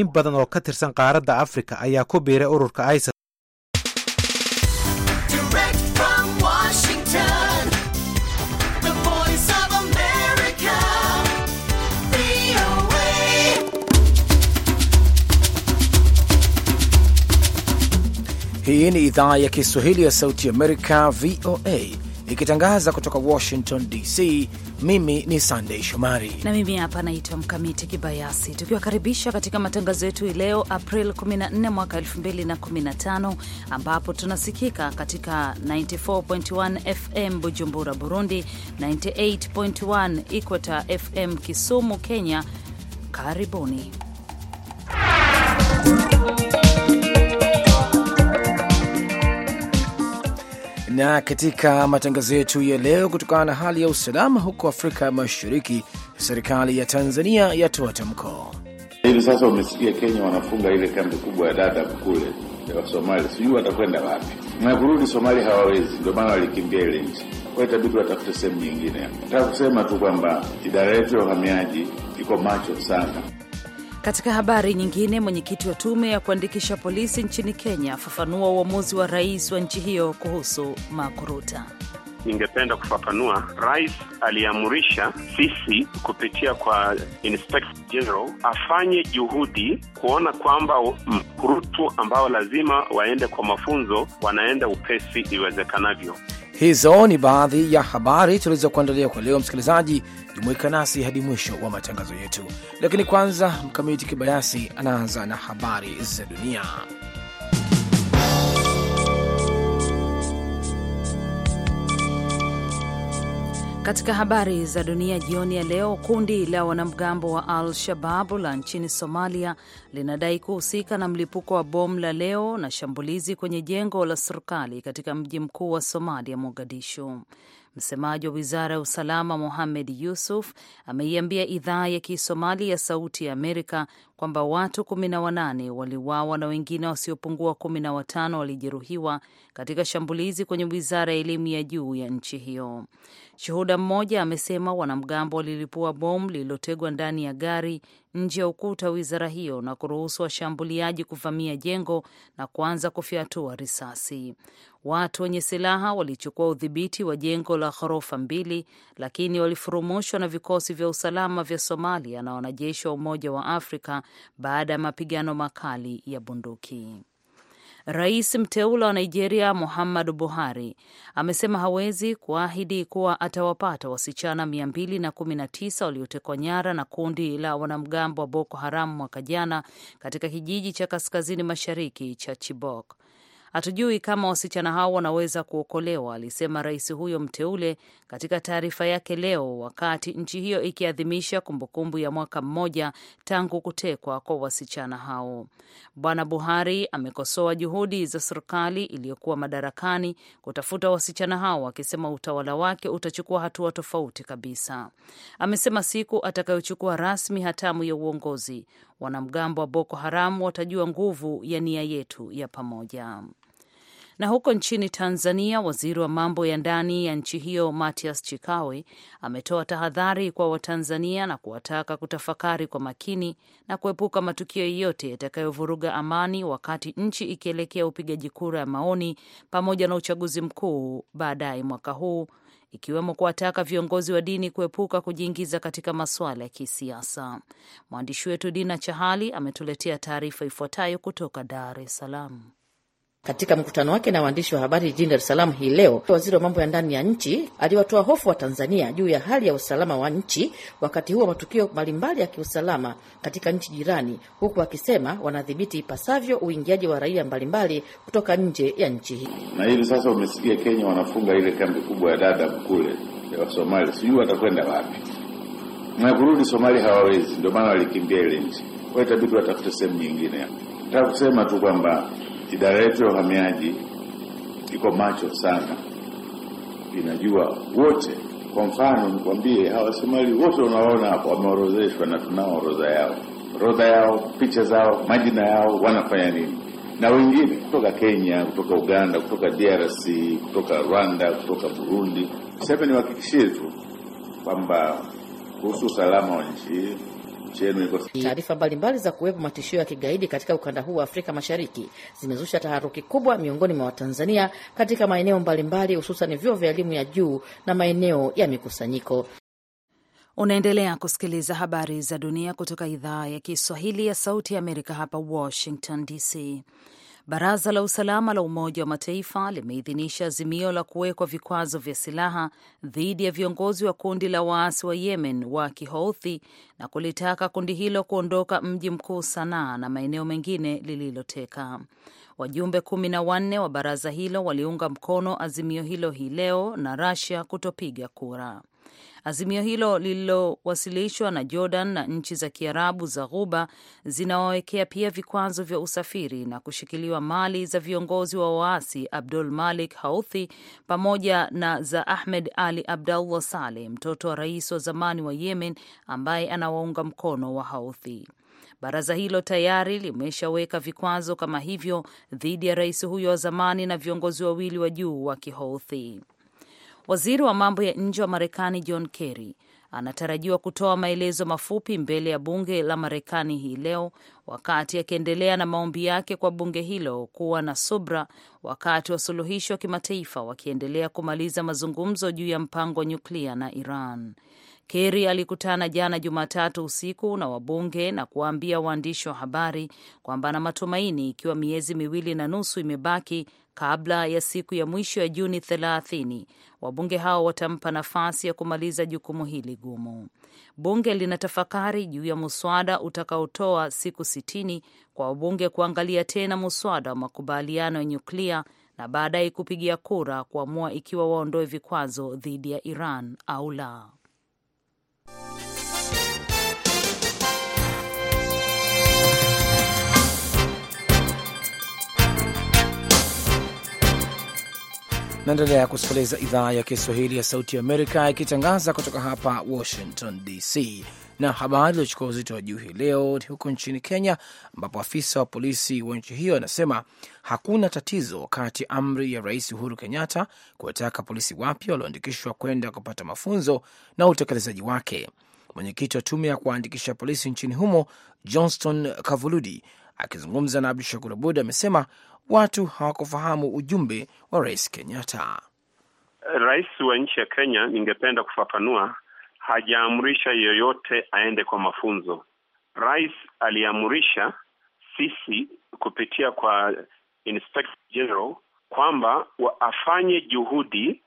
in badan oo ka tirsan qaaradda afrika ayaa ku biiray ururka isa Hii ni idhaa ya Kiswahili ya Sauti Amerika, VOA, ikitangaza kutoka Washington DC. Mimi ni sandey Shomari na mimi hapa naitwa Mkamiti Kibayasi, tukiwakaribisha katika matangazo yetu leo April 14 mwaka 2015, ambapo tunasikika katika 94.1 FM Bujumbura, Burundi, 98.1 Equator FM Kisumu, Kenya. Karibuni. na katika matangazo yetu ya leo, kutokana na hali ya usalama huko Afrika Mashariki, serikali ya Tanzania yatoa tamko hivi sasa. Umesikia Kenya wanafunga ile kambi kubwa ya dada kule ya Somali, sijui watakwenda wapi na kurudi Somali hawawezi, ndio maana walikimbia ile nchi. Kwa itabidi watafute sehemu nyingine. Nataka kusema tu kwamba idara yetu ya uhamiaji iko macho sana. Katika habari nyingine, mwenyekiti wa tume ya kuandikisha polisi nchini Kenya afafanua uamuzi wa rais wa nchi hiyo kuhusu makuruta. Ningependa kufafanua, rais aliamurisha sisi kupitia kwa Inspector General afanye juhudi kuona kwamba mkurutu ambao lazima waende kwa mafunzo wanaenda upesi iwezekanavyo. Hizo ni baadhi ya habari tulizokuandalia kwa leo, msikilizaji. Jumuika nasi hadi mwisho wa matangazo yetu, lakini kwanza, Mkamiti Kibayasi anaanza na habari za dunia. Katika habari za dunia jioni ya leo, kundi la wanamgambo wa Al Shababu la nchini Somalia linadai kuhusika na mlipuko wa bomu la leo na shambulizi kwenye jengo la serikali katika mji mkuu wa Somalia, Mogadishu. Msemaji wa wizara ya usalama Mohamed Yusuf ameiambia idhaa ya Kisomali ya Sauti ya Amerika kwamba watu kumi na wanane waliuawa na wengine wasiopungua kumi na watano walijeruhiwa katika shambulizi kwenye wizara ya elimu ya juu ya nchi hiyo. Shuhuda mmoja amesema wanamgambo walilipua bomu lililotegwa ndani ya gari nje ya ukuta wizara hiyo na kuruhusu washambuliaji kuvamia jengo na kuanza kufyatua risasi. Watu wenye silaha walichukua udhibiti wa jengo la ghorofa mbili, lakini walifurumushwa na vikosi vya usalama vya Somalia na wanajeshi wa Umoja wa Afrika baada ya mapigano makali ya bunduki. Rais mteule wa Nigeria Muhammadu Buhari amesema hawezi kuahidi kuwa atawapata wasichana 219 waliotekwa nyara na kundi la wanamgambo wa Boko Haram mwaka jana katika kijiji cha kaskazini mashariki cha Chibok. Hatujui kama wasichana hao wanaweza kuokolewa, alisema rais huyo mteule katika taarifa yake leo, wakati nchi hiyo ikiadhimisha kumbukumbu ya mwaka mmoja tangu kutekwa kwa wasichana hao. Bwana Buhari amekosoa juhudi za serikali iliyokuwa madarakani kutafuta wasichana hao, akisema utawala wake utachukua hatua tofauti kabisa. Amesema siku atakayochukua rasmi hatamu ya uongozi, wanamgambo wa Boko Haram watajua nguvu ya nia yetu ya pamoja. Na huko nchini Tanzania, waziri wa mambo ya ndani ya nchi hiyo Matias Chikawe ametoa tahadhari kwa Watanzania na kuwataka kutafakari kwa makini na kuepuka matukio yeyote yatakayovuruga amani wakati nchi ikielekea upigaji kura ya maoni pamoja na uchaguzi mkuu baadaye mwaka huu, ikiwemo kuwataka viongozi wa dini kuepuka kujiingiza katika masuala ya kisiasa. Mwandishi wetu Dina Chahali ametuletea taarifa ifuatayo kutoka Dar es Salaam. Katika mkutano wake na waandishi wa habari jijini Dar es Salaam hii leo, waziri wa mambo ya ndani ya nchi aliwatoa hofu wa Tanzania juu ya hali ya usalama wa nchi wakati huu wa matukio mbalimbali ya kiusalama katika nchi jirani, huku akisema wanadhibiti ipasavyo uingiaji wa raia mbalimbali kutoka nje ya nchi hii. Na hivi sasa umesikia Kenya wanafunga ile kambi kubwa ya Dadaab kule ya Wasomali, sijui watakwenda wapi na kurudi Somalia hawawezi, ndio maana walikimbia ile nchi. Itabidi watafute sehemu nyingine. Nataka kusema tu kwamba Idara yetu ya uhamiaji iko macho sana, inajua wote. Kwa mfano, nikwambie hawa Somali wote unaona hapo wameorozeshwa, na tunao orodha yao, orodha yao, picha zao, majina yao, wanafanya nini, na wengine kutoka Kenya, kutoka Uganda, kutoka DRC, kutoka Rwanda, kutoka Burundi. Sasa niwahakikishie tu kwamba kuhusu usalama wa nchi hii nchi yenu iko. Taarifa mbalimbali za kuwepo matishio ya kigaidi katika ukanda huu wa Afrika Mashariki zimezusha taharuki kubwa miongoni mwa Watanzania katika maeneo mbalimbali, hususan vyuo vya elimu ya juu na maeneo ya mikusanyiko. Unaendelea kusikiliza habari za dunia kutoka idhaa ya Kiswahili ya Sauti ya Amerika, hapa Washington DC. Baraza la Usalama la Umoja wa Mataifa limeidhinisha azimio la kuwekwa vikwazo vya silaha dhidi ya viongozi wa kundi la waasi wa Yemen wa Kihouthi na kulitaka kundi hilo kuondoka mji mkuu Sanaa na maeneo mengine lililoteka. Wajumbe kumi na wanne wa baraza hilo waliunga mkono azimio hilo hii leo na rasia kutopiga kura. Azimio hilo lililowasilishwa na Jordan na nchi za Kiarabu za Ghuba zinawawekea pia vikwazo vya usafiri na kushikiliwa mali za viongozi wa waasi Abdul Malik Houthi pamoja na za Ahmed Ali abdullah Saleh, mtoto wa rais wa zamani wa Yemen ambaye anawaunga mkono wa Houthi. Baraza hilo tayari limeshaweka vikwazo kama hivyo dhidi ya rais huyo wa zamani na viongozi wawili wa juu wa Kihouthi. Waziri wa mambo ya nje wa Marekani John Kerry anatarajiwa kutoa maelezo mafupi mbele ya bunge la Marekani hii leo wakati akiendelea na maombi yake kwa bunge hilo kuwa na subra wakati wa suluhisho wa kimataifa wakiendelea kumaliza mazungumzo juu ya mpango wa nyuklia na Iran. Kerry alikutana jana Jumatatu usiku na wabunge na kuwaambia waandishi wa habari kwamba ana matumaini, ikiwa miezi miwili na nusu imebaki, kabla ya siku ya mwisho ya Juni 30. Wabunge hao watampa nafasi ya kumaliza jukumu hili gumu. Bunge linatafakari juu ya muswada utakaotoa siku 60 kwa wabunge kuangalia tena muswada wa makubaliano ya nyuklia na baadaye kupigia kura kuamua ikiwa waondoe vikwazo dhidi ya Iran au la. Naendelea kusikiliza idhaa ya Kiswahili ya Sauti ya Amerika ikitangaza kutoka hapa Washington DC. Na habari iliochukua uzito wa juu hii leo huko nchini Kenya, ambapo afisa wa polisi wa nchi hiyo anasema hakuna tatizo wakati amri ya Rais Uhuru Kenyatta kuwataka polisi wapya walioandikishwa kwenda kupata mafunzo na utekelezaji wake. Mwenyekiti wa tume ya kuwaandikisha polisi nchini humo Johnston Kavuludi akizungumza na Abdu Shakur Abud amesema watu hawakufahamu ujumbe wa Rais Kenyatta. Rais wa nchi ya Kenya, ningependa kufafanua, hajaamrisha yeyote aende kwa mafunzo. Rais aliamrisha sisi kupitia kwa Inspector General kwamba afanye juhudi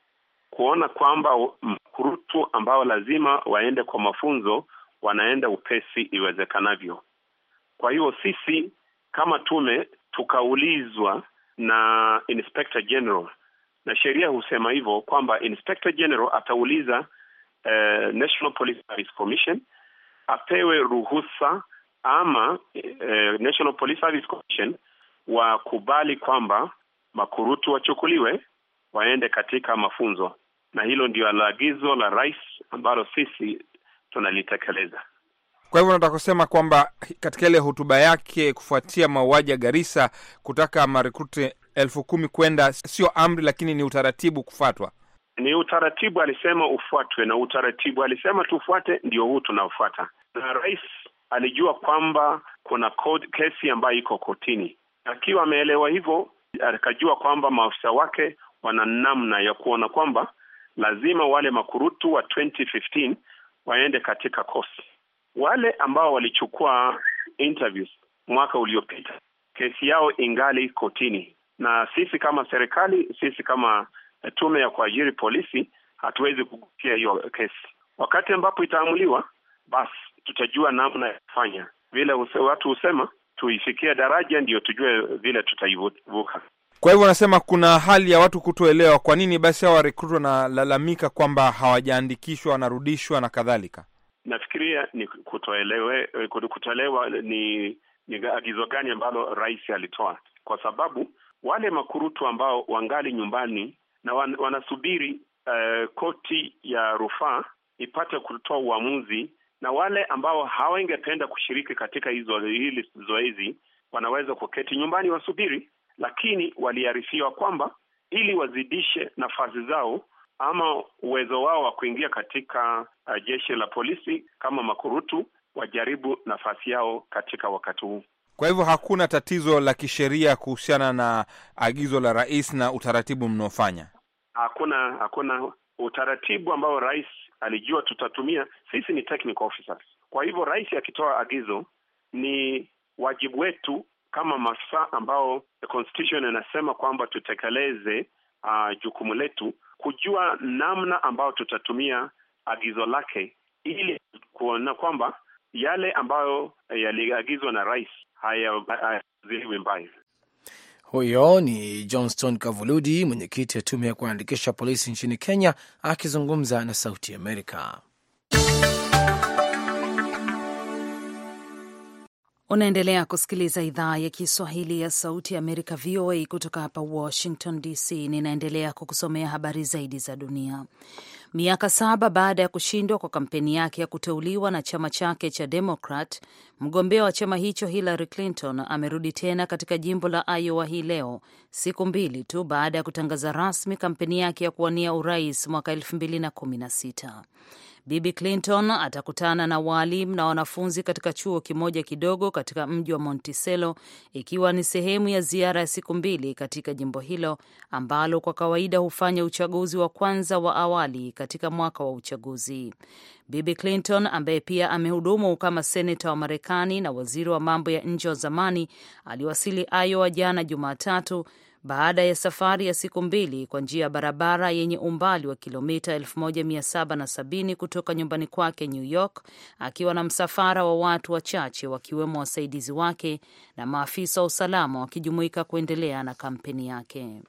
kuona kwamba mkurutu ambao lazima waende kwa mafunzo wanaenda upesi iwezekanavyo. Kwa hiyo sisi kama tume tukaulizwa na Inspector General, na sheria husema hivyo kwamba Inspector General atauliza eh, National Police Service Commission apewe ruhusa ama eh, National Police Service Commission wakubali kwamba makurutu wachukuliwe waende katika mafunzo, na hilo ndio agizo la rais ambalo sisi tunalitekeleza. Kwa hivyo nataka kusema kwamba katika ile hotuba yake kufuatia mauaji ya garisa kutaka marekruti elfu kumi kwenda sio amri, lakini ni utaratibu kufuatwa, ni utaratibu alisema ufuatwe, na utaratibu alisema tufuate, ndio huu tunaofuata. Na rais alijua kwamba kuna code, kesi ambayo iko kotini. Akiwa ameelewa hivyo, akajua kwamba maafisa wake wana namna ya kuona kwamba lazima wale makurutu wa 2015 waende katika kosi. Wale ambao walichukua interviews mwaka uliopita, kesi yao ingali kotini, na sisi kama serikali, sisi kama eh, tume ya kuajiri polisi hatuwezi kugusia hiyo kesi. Wakati ambapo itaamuliwa, basi tutajua namna ya kufanya. Vile watu husema tuifikie daraja ndiyo tujue vile tutaivuka. Kwa hivyo wanasema kuna hali ya watu kutoelewa. Kwa nini basi hawa rekrut wanalalamika kwamba hawajaandikishwa, wanarudishwa na kadhalika? Nafikiria ni eh, kutoelewa ni ni agizo gani ambalo rais alitoa, kwa sababu wale makurutu ambao wangali nyumbani na wan, wanasubiri uh, koti ya rufaa ipate kutoa uamuzi, na wale ambao hawangependa kushiriki katika hizo hili zoezi wanaweza kuketi nyumbani wasubiri lakini waliarifiwa kwamba ili wazidishe nafasi zao ama uwezo wao wa kuingia katika uh, jeshi la polisi kama makurutu, wajaribu nafasi yao katika wakati huu. Kwa hivyo hakuna tatizo la kisheria kuhusiana na agizo la rais na utaratibu mnaofanya. Hakuna, hakuna utaratibu ambao rais alijua tutatumia. Sisi ni technical officers, kwa hivyo rais akitoa agizo, ni wajibu wetu kama masaa ambao constitution inasema kwamba tutekeleze uh, jukumu letu, kujua namna ambayo tutatumia agizo lake ili kuona kwamba yale ambayo yaliagizwa na rais hayaziliwi mbayo Huyo ni Johnston Kavuludi, mwenyekiti wa tume ya kuandikisha polisi nchini Kenya, akizungumza na Sauti Amerika. Unaendelea kusikiliza idhaa ya Kiswahili ya Sauti ya Amerika, VOA, kutoka hapa Washington DC. Ninaendelea kukusomea habari zaidi za dunia. Miaka saba baada ya kushindwa kwa kampeni yake ya kuteuliwa na chama chake cha Demokrat, mgombea wa chama hicho Hillary Clinton amerudi tena katika jimbo la Iowa hii leo, siku mbili tu baada ya kutangaza rasmi kampeni yake ya kuwania urais mwaka 216 Bibi Clinton atakutana na waalimu na wanafunzi katika chuo kimoja kidogo katika mji wa Monticello, ikiwa ni sehemu ya ziara ya siku mbili katika jimbo hilo ambalo kwa kawaida hufanya uchaguzi wa kwanza wa awali katika mwaka wa uchaguzi. Bibi Clinton ambaye pia amehudumu kama seneta wa Marekani na waziri wa mambo ya nje wa zamani aliwasili Iowa jana Jumatatu baada ya safari ya siku mbili kwa njia ya barabara yenye umbali wa kilomita 1770 kutoka nyumbani kwake New York, akiwa na msafara wa watu wachache wakiwemo wasaidizi wake na maafisa wa usalama wakijumuika kuendelea na kampeni yake.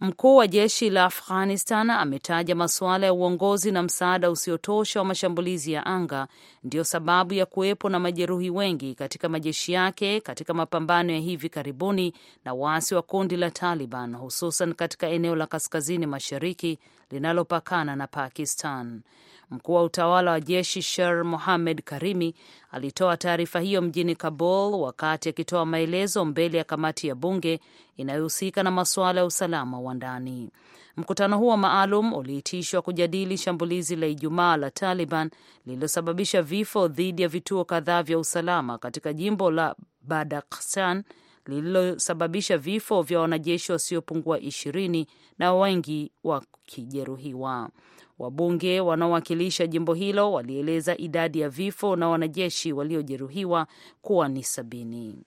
Mkuu wa jeshi la Afghanistan ametaja masuala ya uongozi na msaada usiotosha wa mashambulizi ya anga ndiyo sababu ya kuwepo na majeruhi wengi katika majeshi yake katika mapambano ya hivi karibuni na waasi wa kundi la Taliban, hususan katika eneo la kaskazini mashariki linalopakana na Pakistan. Mkuu wa utawala wa jeshi Sher Mohamed Karimi alitoa taarifa hiyo mjini Kabul wakati akitoa maelezo mbele ya kamati ya bunge inayohusika na masuala ya usalama wa ndani. Mkutano huo maalum uliitishwa kujadili shambulizi la Ijumaa la Taliban lililosababisha vifo dhidi ya vituo kadhaa vya usalama katika jimbo la Badakhshan lililosababisha vifo vya wanajeshi wasiopungua ishirini na wengi wakijeruhiwa. Wabunge wanaowakilisha jimbo hilo walieleza idadi ya vifo na wanajeshi waliojeruhiwa kuwa ni sabini.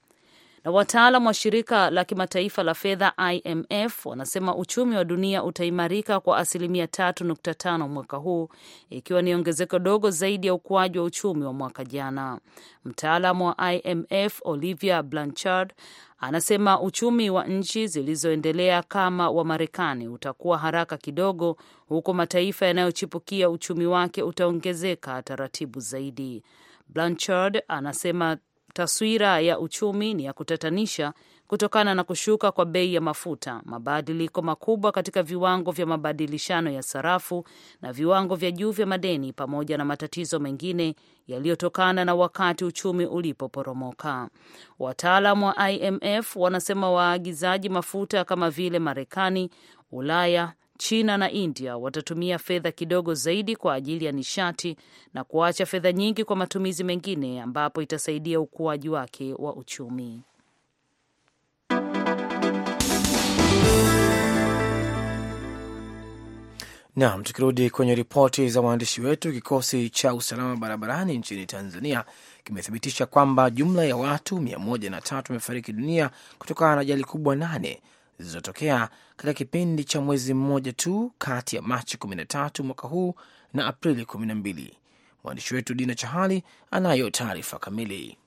Na wataalam wa shirika la kimataifa la fedha IMF wanasema uchumi wa dunia utaimarika kwa asilimia 3.5 mwaka huu, ikiwa ni ongezeko dogo zaidi ya ukuaji wa uchumi wa mwaka jana. mtaalam wa IMF Olivia Blanchard anasema uchumi wa nchi zilizoendelea kama wa Marekani utakuwa haraka kidogo, huku mataifa yanayochipukia uchumi wake utaongezeka taratibu zaidi. Blanchard anasema taswira ya uchumi ni ya kutatanisha kutokana na kushuka kwa bei ya mafuta, mabadiliko makubwa katika viwango vya mabadilishano ya sarafu na viwango vya juu vya madeni, pamoja na matatizo mengine yaliyotokana na wakati uchumi ulipoporomoka. wataalam wa IMF wanasema waagizaji mafuta kama vile Marekani, Ulaya, China na India watatumia fedha kidogo zaidi kwa ajili ya nishati na kuacha fedha nyingi kwa matumizi mengine ambapo itasaidia ukuaji wake wa uchumi. Nam, tukirudi kwenye ripoti za waandishi wetu, kikosi cha usalama barabarani nchini Tanzania kimethibitisha kwamba jumla ya watu 103 wamefariki dunia kutokana na ajali kubwa nane zilizotokea katika kipindi cha mwezi mmoja tu kati ya Machi 13 mwaka huu na Aprili 12. Mwandishi wetu Dina Chahali anayo taarifa kamili.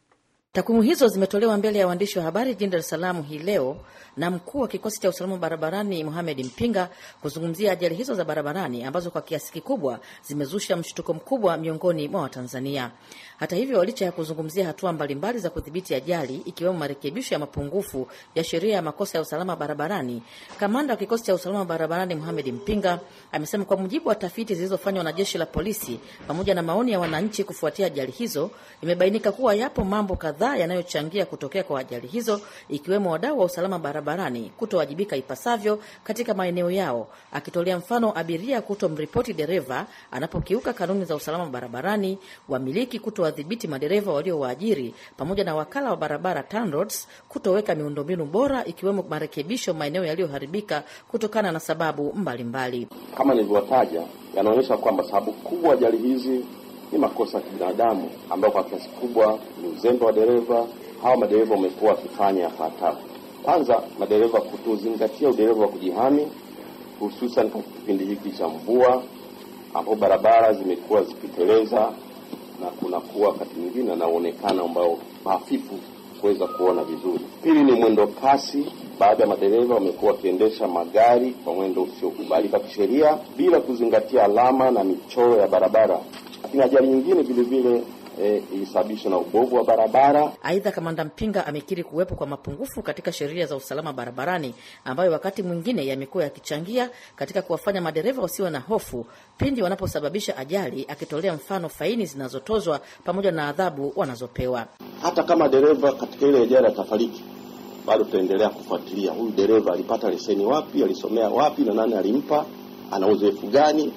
Takwimu hizo zimetolewa mbele ya waandishi wa habari jijini Dar es Salaam hii leo na mkuu wa kikosi cha usalama barabarani Mohamed Mpinga kuzungumzia ajali hizo za barabarani ambazo kwa kiasi kikubwa zimezusha mshtuko mkubwa miongoni mwa Watanzania. Hata hivyo, licha ya kuzungumzia hatua mbalimbali mbali za kudhibiti ajali ikiwemo marekebisho ya mapungufu ya sheria ya makosa ya usalama barabarani, kamanda wa kikosi cha usalama barabarani Mohamed Mpinga amesema kwa mujibu wa tafiti zilizofanywa na jeshi la polisi pamoja na maoni ya wananchi kufuatia ajali hizo, imebainika kuwa yapo mambo kadhaa kadhaa yanayochangia kutokea kwa ajali hizo, ikiwemo wadau wa usalama barabarani kutowajibika ipasavyo katika maeneo yao, akitolea mfano abiria kutomripoti dereva anapokiuka kanuni za usalama barabarani, wamiliki kutowadhibiti madereva waliowaajiri, pamoja na wakala wa barabara TANROADS kutoweka miundombinu bora ikiwemo marekebisho maeneo yaliyoharibika kutokana na sababu mbalimbali mbali. Kama nilivyotaja yanaonyesha kwamba sababu kubwa ajali hizi ni makosa ya kibinadamu ambayo kwa kiasi kubwa ni uzembe wa dereva. Hawa madereva wamekuwa wakifanya yafuatayo: kwanza, madereva kutozingatia udereva wa kujihami, hususan katika kipindi hiki cha mvua ambapo barabara zimekuwa zikiteleza na kunakuwa wakati mwingine anaonekana uonekano ambao hafifu kuweza kuona vizuri. Pili ni mwendo kasi. Baadhi ya madereva wamekuwa wakiendesha magari kwa mwendo usiokubalika kisheria bila kuzingatia alama na michoro ya barabara lakini ajali nyingine vilevile E, eh, ilisababishwa na ubovu wa barabara. Aidha, Kamanda Mpinga amekiri kuwepo kwa mapungufu katika sheria za usalama barabarani ambayo wakati mwingine yamekuwa yakichangia katika kuwafanya madereva wasiwe na hofu pindi wanaposababisha ajali, akitolea mfano faini zinazotozwa pamoja na adhabu wanazopewa. Hata kama dereva katika ile ajali atafariki, bado tutaendelea kufuatilia huyu dereva alipata leseni wapi, alisomea wapi, na nani alimpa, ana uzoefu gani,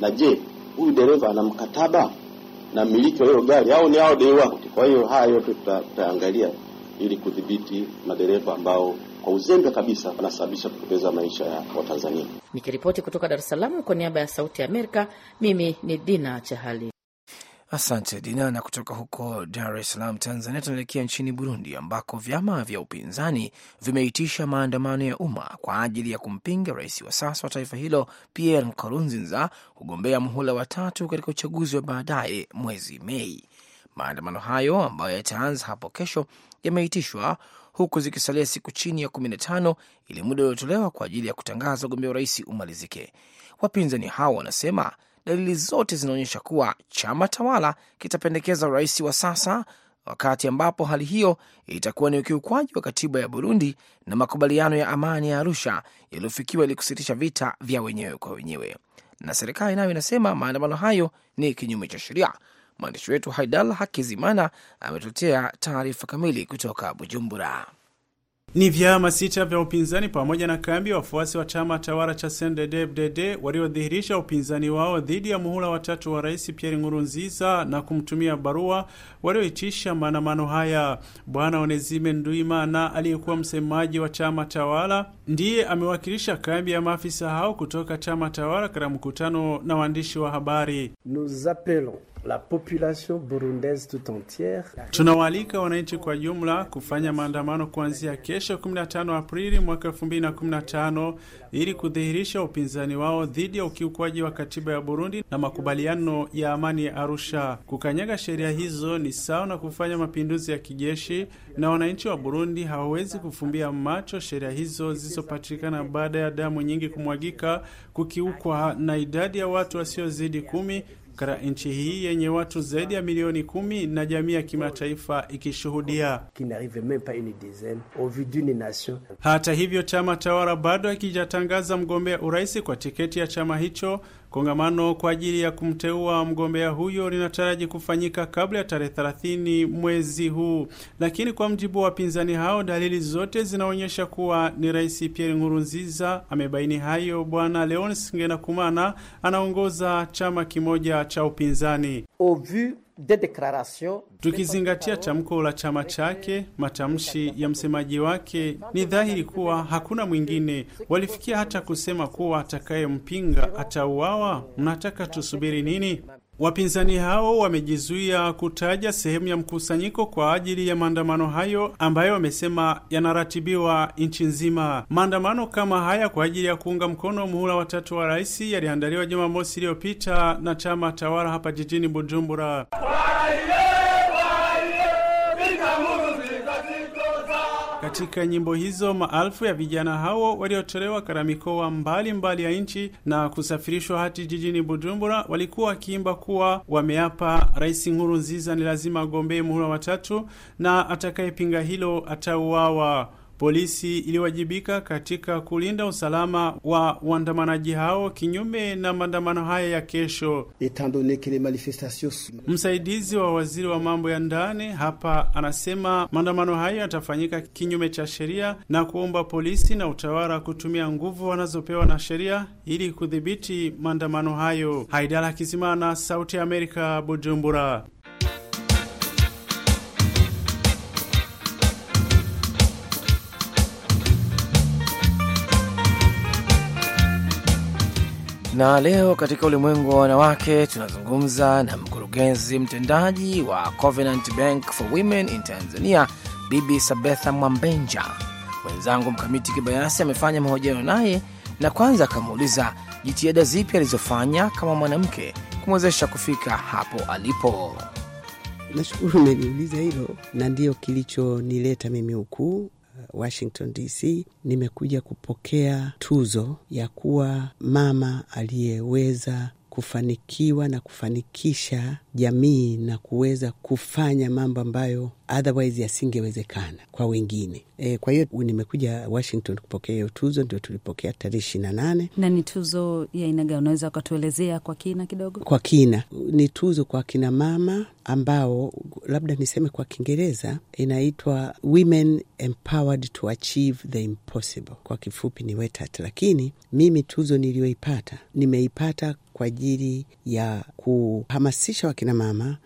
na je huyu dereva ana mkataba na mmiliki wa hiyo gari au ni hao dai wao? Kwa hiyo haya yote tutaangalia ili kudhibiti madereva ambao kwa uzembe kabisa wanasababisha kupoteza maisha ya Watanzania. Nikiripoti kutoka Dar es Salaam kwa niaba ya Sauti ya Amerika, mimi ni Dina Chahali. Asante Dinana kutoka huko Dar es Salaam, Tanzania. Tunaelekea nchini Burundi ambako vyama vya upinzani vimeitisha maandamano ya umma kwa ajili ya kumpinga rais wa sasa wa taifa hilo Pierre Nkurunziza kugombea muhula wa tatu katika uchaguzi wa baadaye mwezi Mei. Maandamano hayo ambayo yataanza hapo kesho yameitishwa huku zikisalia siku chini ya kumi na tano ili muda uliotolewa kwa ajili ya kutangaza ugombea urais umalizike. Wapinzani hao wanasema dalili zote zinaonyesha kuwa chama tawala kitapendekeza rais wa sasa, wakati ambapo hali hiyo itakuwa ni ukiukwaji wa katiba ya Burundi na makubaliano ya amani ya Arusha yaliyofikiwa ili kusitisha vita vya wenyewe kwa wenyewe, na serikali nayo inasema maandamano hayo ni kinyume cha sheria. Mwandishi wetu haidal Hakizimana ametuletea taarifa kamili kutoka Bujumbura. Ni vyama sita vya upinzani pamoja na kambi ya wafuasi wa chama tawala cha CNDD-FDD waliodhihirisha upinzani wao dhidi ya muhula watatu wa Rais Pierre Nkurunziza na kumtumia barua walioitisha maandamano haya. Bwana Onezime Nduimana aliyekuwa msemaji wa chama tawala ndiye amewakilisha kambi ya maafisa hao kutoka chama tawala katika mkutano na waandishi wa habari. Nous appelons la population burundaise tout entière. Tunawaalika wananchi kwa jumla kufanya maandamano kuanzia kesho 15 Aprili mwaka 2015 ili kudhihirisha upinzani wao dhidi ya ukiukwaji wa katiba ya Burundi na makubaliano ya amani ya Arusha. Kukanyaga sheria hizo ni sawa na kufanya mapinduzi ya kijeshi, na wananchi wa Burundi hawawezi kufumbia macho sheria hizo zilizopatikana baada ya damu nyingi kumwagika, kukiukwa na idadi ya watu wasiozidi kumi katika nchi hii yenye watu zaidi ya milioni kumi na jamii ya kimataifa ikishuhudia. Hata hivyo, chama tawala bado hakijatangaza mgombea urais kwa tiketi ya chama hicho Kongamano kwa ajili ya kumteua mgombea huyo linataraji kufanyika kabla ya tarehe 30 mwezi huu, lakini kwa mjibu wa wapinzani hao, dalili zote zinaonyesha kuwa ni Rais Pierre Nkurunziza. Amebaini hayo Bwana Leonce Ngenakumana, anaongoza chama kimoja cha upinzani Tukizingatia tamko la chama chake, matamshi ya msemaji wake, ni dhahiri kuwa hakuna mwingine. Walifikia hata kusema kuwa atakayempinga atauawa. Mnataka tusubiri nini? Wapinzani hao wamejizuia kutaja sehemu ya mkusanyiko kwa ajili ya maandamano hayo ambayo wamesema yanaratibiwa nchi nzima. Maandamano kama haya kwa ajili ya kuunga mkono muhula watatu wa rais yaliandaliwa Jumamosi iliyopita na chama tawala hapa jijini Bujumbura. Katika nyimbo hizo maelfu ya vijana hao waliotolewa katika mikoa mbalimbali ya nchi na kusafirishwa hadi jijini Bujumbura walikuwa wakiimba kuwa wameapa Rais Nkurunziza ni lazima agombee muhula watatu na atakayepinga hilo atauawa polisi iliwajibika katika kulinda usalama wa waandamanaji hao, kinyume na maandamano haya ya kesho. Msaidizi wa waziri wa mambo ya ndani hapa anasema maandamano hayo yatafanyika kinyume cha sheria na kuomba polisi na utawala kutumia nguvu wanazopewa na sheria ili kudhibiti maandamano hayo. Haidala Kizimana, Sauti ya Amerika, Bujumbura. Na leo katika ulimwengu wa wanawake tunazungumza na mkurugenzi mtendaji wa Covenant Bank for Women in Tanzania, Bibi Sabetha Mwambenja. Mwenzangu Mkamiti Kibayasi amefanya mahojiano naye na kwanza akamuuliza jitihada zipi alizofanya kama mwanamke kumwezesha kufika hapo alipo. Nashukuru umeniuliza hilo, na ndiyo kilichonileta mimi huku Washington DC, nimekuja kupokea tuzo ya kuwa mama aliyeweza kufanikiwa na kufanikisha jamii na kuweza kufanya mambo ambayo otherwise yasingewezekana kwa wengine. E, kwa hiyo nimekuja Washington kupokea hiyo tuzo, ndio tulipokea tarehe ishirini na nane. Na ni tuzo ya aina gani? Unaweza ukatuelezea kwa kina kidogo? Kwa kina, ni tuzo kwa kina mama ambao labda niseme kwa Kiingereza inaitwa Women Empowered to Achieve the Impossible, kwa kifupi ni WETAT. Lakini mimi tuzo niliyoipata nimeipata kwa ajili ya kuhamasisha wakinamama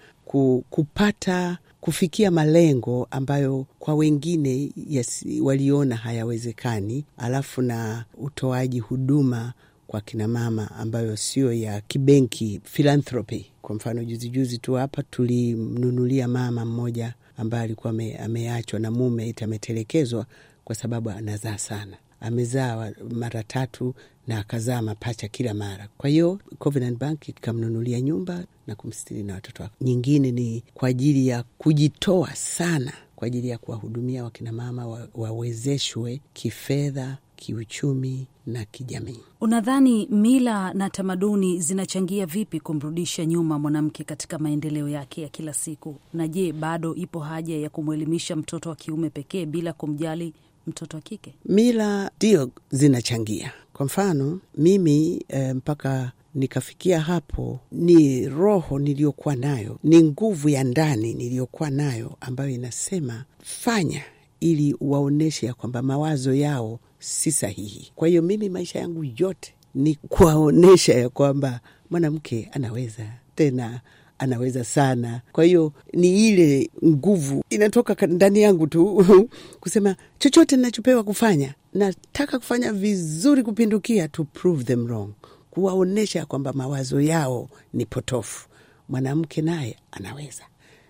kupata kufikia malengo ambayo kwa wengine yes, waliona hayawezekani, alafu na utoaji huduma kwa kinamama ambayo sio ya kibenki, philanthropy. Kwa mfano, juzijuzi tu hapa tulimnunulia mama mmoja ambaye alikuwa ameachwa na mume, ametelekezwa kwa sababu anazaa sana amezaa mara tatu na akazaa mapacha kila mara. Kwa hiyo Covenant Bank ikamnunulia nyumba na kumstiri na watoto wake. Nyingine ni kwa ajili ya kujitoa sana kwa ajili ya kuwahudumia wakinamama wa, wawezeshwe kifedha, kiuchumi na kijamii. Unadhani mila na tamaduni zinachangia vipi kumrudisha nyuma mwanamke katika maendeleo yake ya kila siku? Na je, bado ipo haja ya kumwelimisha mtoto wa kiume pekee bila kumjali mtoto wa kike? Mila ndio zinachangia. Kwa mfano mimi e, mpaka nikafikia hapo ni roho niliyokuwa nayo, ni nguvu ya ndani niliyokuwa nayo ambayo inasema fanya, ili waonyeshe ya kwamba mawazo yao si sahihi. Kwa hiyo mimi maisha yangu yote ni kuwaonyesha ya kwamba mwanamke anaweza tena anaweza sana. Kwa hiyo ni ile nguvu inatoka ndani yangu tu kusema chochote ninachopewa kufanya, nataka kufanya vizuri kupindukia, to prove them wrong, kuwaonyesha kwamba mawazo yao ni potofu. Mwanamke naye anaweza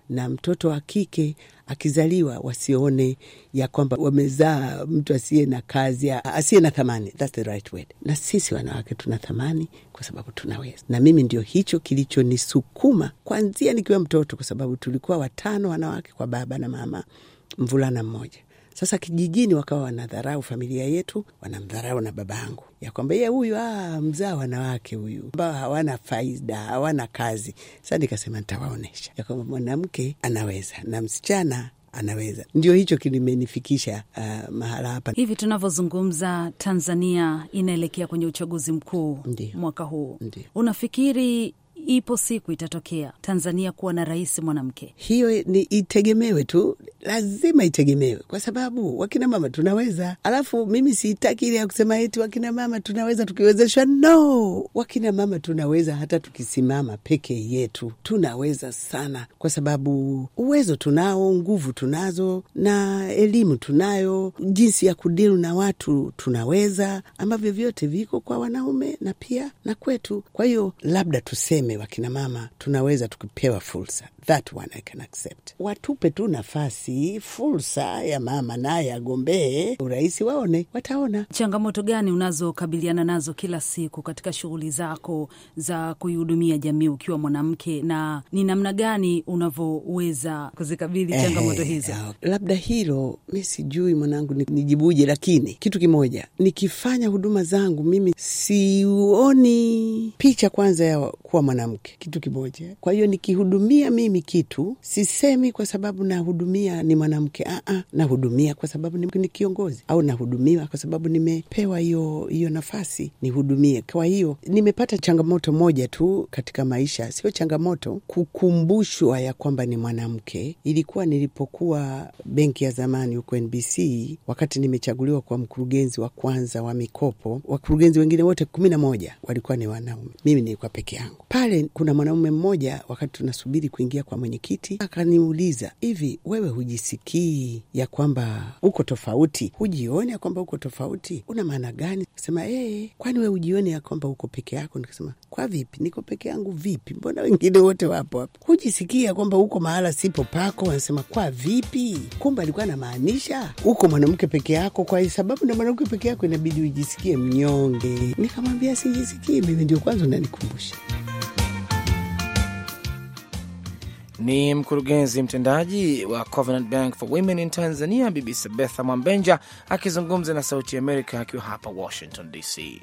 na mtoto wa kike akizaliwa wasione ya kwamba wamezaa mtu asiye na kazi, asiye na thamani. That's the right word. Na sisi wanawake tuna thamani kwa sababu tunaweza, na mimi ndio hicho kilichonisukuma kwanzia nikiwa mtoto, kwa sababu tulikuwa watano wanawake kwa baba na mama, mvulana mmoja sasa kijijini wakawa wanadharau familia yetu, wanamdharau na babangu ya kwamba ye huyu ah, mzaa wanawake huyu ambao hawana faida hawana kazi. Sa nikasema ntawaonyesha ya kwamba mwanamke anaweza na msichana anaweza. Ndio hicho kilimenifikisha uh, ah, mahala hapa. Hivi tunavyozungumza, Tanzania inaelekea kwenye uchaguzi mkuu Ndiyo. mwaka huu Ndiyo. unafikiri ipo siku itatokea Tanzania kuwa na rais mwanamke? Hiyo ni itegemewe tu lazima itegemewe, kwa sababu wakina mama tunaweza. Alafu mimi siitaki ile ya kusema eti wakina mama tunaweza tukiwezeshwa. No, wakina mama tunaweza, hata tukisimama peke yetu tunaweza sana, kwa sababu uwezo tunao, nguvu tunazo, na elimu tunayo, jinsi ya kudilu na watu tunaweza, ambavyo vyote viko kwa wanaume na pia na kwetu. Kwa hiyo labda tuseme wakina mama tunaweza, tukipewa fursa, that one I can accept, watupe tu nafasi basi fursa ya mama naye agombee urais, waone wataona. Changamoto gani unazokabiliana nazo kila siku katika shughuli zako za kuihudumia jamii ukiwa mwanamke, na ni namna gani unavyoweza kuzikabili changamoto hizo? Labda hilo mi sijui mwanangu nijibuje, lakini kitu kimoja nikifanya huduma zangu mimi sioni picha kwanza ya kuwa mwanamke, kitu kimoja. Kwa hiyo nikihudumia mimi kitu sisemi kwa sababu nahudumia ni mwanamke aa, ah, ah, nahudumia kwa sababu ni kiongozi, au nahudumiwa kwa sababu nimepewa hiyo hiyo nafasi nihudumie. Kwa hiyo nimepata changamoto moja tu katika maisha, sio changamoto, kukumbushwa ya kwamba ni mwanamke. Ilikuwa nilipokuwa benki ya zamani huko NBC, wakati nimechaguliwa kwa mkurugenzi wa kwanza wa mikopo, wakurugenzi wengine wote kumi na moja walikuwa ni wanaume, mimi nilikuwa peke yangu pale. Kuna mwanaume mmoja, wakati tunasubiri kuingia kwa mwenyekiti, akaniuliza hivi, wewe hujisikii ya kwamba uko tofauti, hujione ya kwamba uko tofauti, una maana gani? Sema hey, eh, kwani we hujione ya kwamba uko peke yako? Nikasema kwa vipi, niko peke yangu vipi? Mbona wengine wote wapo hapa? Hujisikii ya kwamba uko mahala sipo pako, wanasema kwa vipi? Kumbe alikuwa anamaanisha uko mwanamke peke yako, kwa sababu na mwanamke peke yako inabidi ujisikie mnyonge. Nikamwambia sijisikii mimi, ndio kwanza unanikumbusha ni mkurugenzi mtendaji wa Covenant Bank for Women in Tanzania, Bibi Sabetha Mwambenja akizungumza na Sauti Amerika akiwa hapa Washington DC.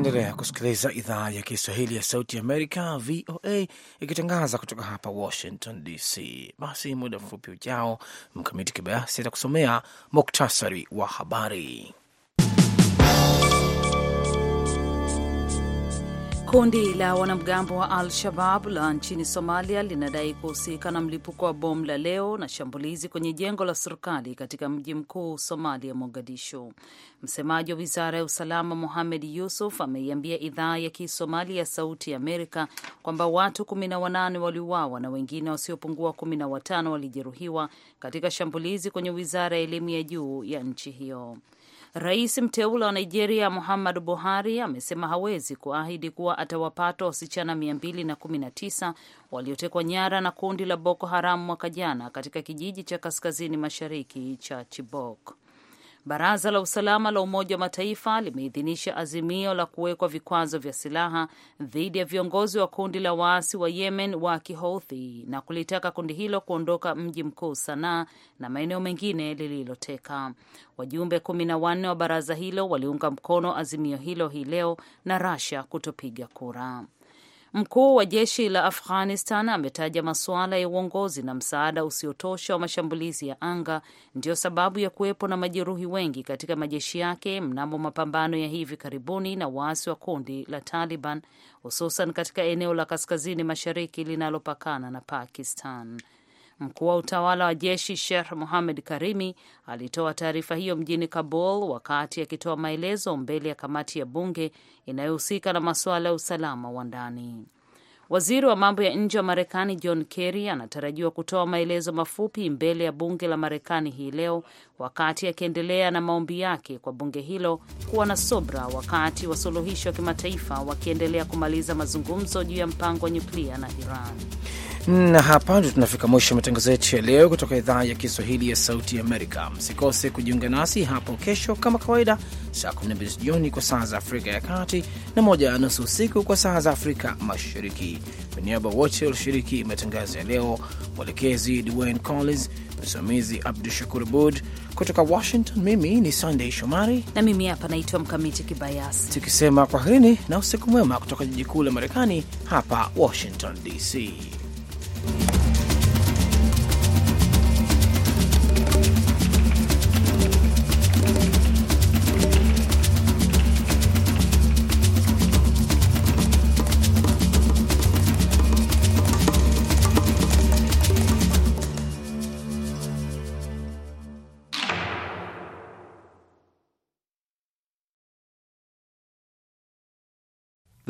Unaendelea kusikiliza idhaa ya Kiswahili ya Sauti Amerika, VOA, ikitangaza kutoka hapa Washington DC. Basi muda mfupi ujao, Mkamiti Kibayasi atakusomea muktasari wa habari. Kundi la wanamgambo wa Al-Shabab la nchini Somalia linadai kuhusika na mlipuko wa bomu la leo na shambulizi kwenye jengo la serikali katika mji mkuu Somalia, Mogadishu. Msemaji wa wizara ya usalama muhamed Yusuf ameiambia idhaa ya Kisomalia ya Sauti ya Amerika kwamba watu 18 waliuawa na wengine wasiopungua 15 walijeruhiwa katika shambulizi kwenye wizara ya elimu ya juu ya nchi hiyo. Rais mteule wa Nigeria muhammad Buhari amesema hawezi kuahidi kuwa atawapata wasichana 219 waliotekwa nyara na kundi la Boko Haram mwaka jana katika kijiji cha kaskazini mashariki cha Chibok. Baraza la Usalama la Umoja wa Mataifa limeidhinisha azimio la kuwekwa vikwazo vya silaha dhidi ya viongozi wa kundi la waasi wa Yemen wa Kihouthi na kulitaka kundi hilo kuondoka mji mkuu Sanaa na maeneo mengine lililoteka. Wajumbe kumi na wanne wa baraza hilo waliunga mkono azimio hilo hii leo na Rasia kutopiga kura. Mkuu wa jeshi la Afghanistan ametaja masuala ya uongozi na msaada usiotosha wa mashambulizi ya anga ndiyo sababu ya kuwepo na majeruhi wengi katika majeshi yake mnamo mapambano ya hivi karibuni na waasi wa kundi la Taliban, hususan katika eneo la kaskazini mashariki linalopakana na Pakistan. Mkuu wa utawala wa jeshi Sheikh Mohamed Karimi alitoa taarifa hiyo mjini Kabul wakati akitoa maelezo mbele ya kamati ya bunge inayohusika na masuala ya usalama wa ndani. Waziri wa mambo ya nje wa Marekani John Kerry anatarajiwa kutoa maelezo mafupi mbele ya bunge la Marekani hii leo wakati akiendelea na maombi yake kwa bunge hilo kuwa na subra wakati wa suluhisho wa kimataifa wakiendelea kumaliza mazungumzo juu ya mpango wa nyuklia na Iran. Na hapa ndio tunafika mwisho matangazo yetu ya leo kutoka idhaa ya Kiswahili ya Sauti Amerika. Msikose kujiunga nasi hapo kesho kama kawaida, saa 12 jioni kwa saa za Afrika ya Kati na moja na nusu usiku kwa saa za Afrika Mashariki. Kwa niaba wote walioshiriki matangazo ya leo, mwelekezi Dwayne Collins, msimamizi Abdu Shakur Abud kutoka Washington, mimi ni sandey Shomari na mimi hapa naitwa Mkamiti Kibayasi, tukisema kwaherini na usiku mwema kutoka jiji kuu la Marekani, hapa Washington DC.